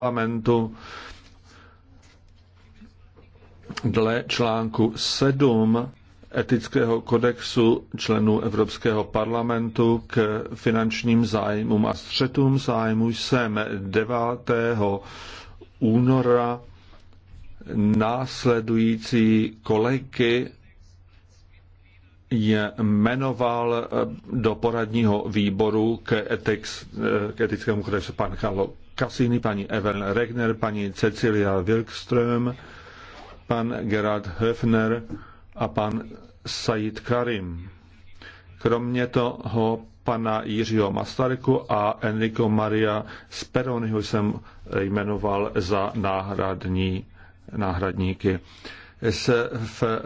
parlamentu dle článku 7 etického kodexu členů Evropského parlamentu k finančním zájmům a střetům zájmů jsem 9. února následující kolegy je jmenoval eh, do poradního výboru k, etix, eh, k etickému kodexu pan Karlo Cassini, paní Evelyn Regner, paní Cecilia Wilkström, pan Gerard Höfner a pan Said Karim. Kromě toho pana Jiřího Mastariku a Enrico Maria Speroniho jsem eh, jmenoval za náhradní, náhradníky. S, v